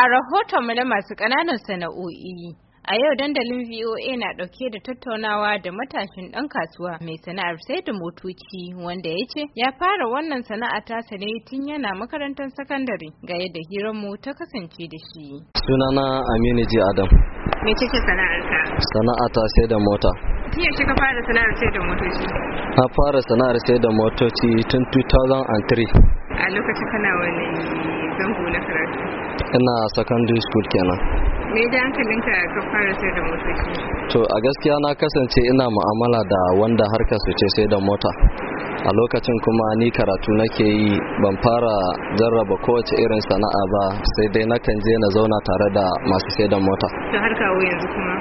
A rahoton mu na masu ƙananan sana'o'i, a yau dandalin VOA na ɗauke da tattaunawa da matashin ɗan kasuwa mai sana'ar sai da motoci wanda ya ce ya fara wannan sana'a ta ne tun yana makarantar sakandare ga yadda hiranmu ta kasance da shi. Sunana Aminu J. Adam. Me kike sana'arka? ta sai da mota. Tun yaushe ka fara sana'ar sai da motoci? Na fara sana'ar sai da motoci tun 2003. a lokacin kana wani zango na karatu ina secondary school kenan me da hankalinka ka fara sai da motoci to a gaskiya na kasance ina mu'amala da wanda harkar su ce sai da mota a lokacin kuma ni karatu nake yi ban fara jarraba kowace irin sana'a ba sai dai nakan je na zauna tare da masu sai da mota to har kawo yanzu kuma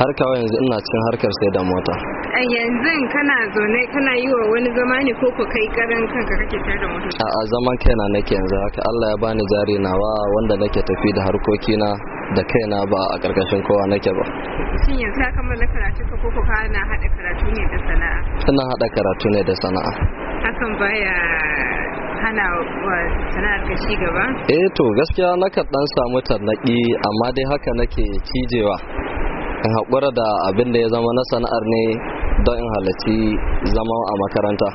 har kawai yanzu ina cikin harkar sai da mota a yanzu kana zaune kana yi wa wani zama ne ko ku kai karan kanka kake tare da mota a zaman kaina nake yanzu haka Allah ya bani jari nawa wanda nake tafi da harkokina da kaina ba a karkashin kowa nake ba shin yanzu ka kammala karatu ka koko ka na hada karatu ne da sana'a ina hada karatu ne da sana'a hakan baya hana wa sana'ar ka ci gaba eh to gaskiya na dan samu tarnaki amma dai haka nake cijewa in haƙura da abin da ya zama na sana'ar ne don in halarci zama a makaranta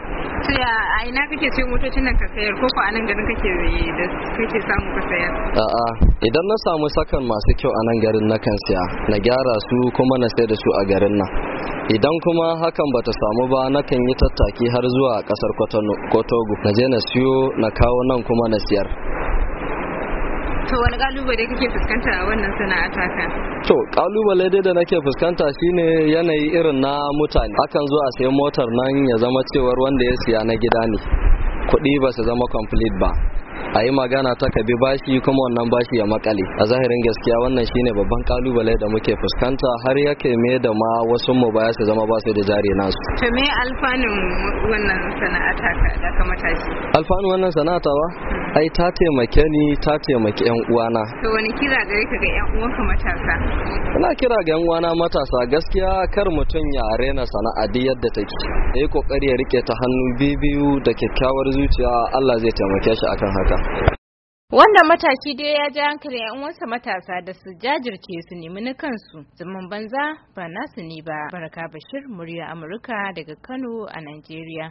Tuya, a ina kake ce motocin nan ka sayar ko ko anan garin kake da kake samu ka sayar a'a idan na samu sakan masu kyau a nan garin na kan siya na gyara su kuma na sayar da su a garin nan idan kuma hakan bata samu ba na kan yi tattaki har zuwa kasar kotogu na je na siyo na kawo nan kuma na siyar to wani kalubale kake fuskanta a wannan sana'a taka to kalubale dai da nake fuskanta shine yanayi irin na mutane akan zo a sayi motar nan ya zama cewar wanda ya siya na gida ne kuɗi ba su zama complete ba a yi magana ta kabi bashi kuma wannan bashi ya makale a zahirin gaskiya wannan shine babban kalubale da muke fuskanta har ya me da ma wasu mu baya su zama basu da jari nasu to me alfanun wannan sana'ata da ka matashi alfanun wannan sana'ata ba hmm. ai ta taimake ni ta taimake yan uwana to wani kira gare ka ga yan uwanka matasa ina kira ga yan uwana matasa gaskiya kar mutum ya rena sana'a da yadda take yayi kokari ya rike ta hannu bibiyu da kyakkyawar zuciya Allah zai taimake shi akan haka wanda mataki dai ya ji hankali ‘yan uwansa matasa da su jajirce su nemi na kansu, zaman banza ba nasu ne ba. Baraka Bashir, murya Amurka daga Kano a Najeriya.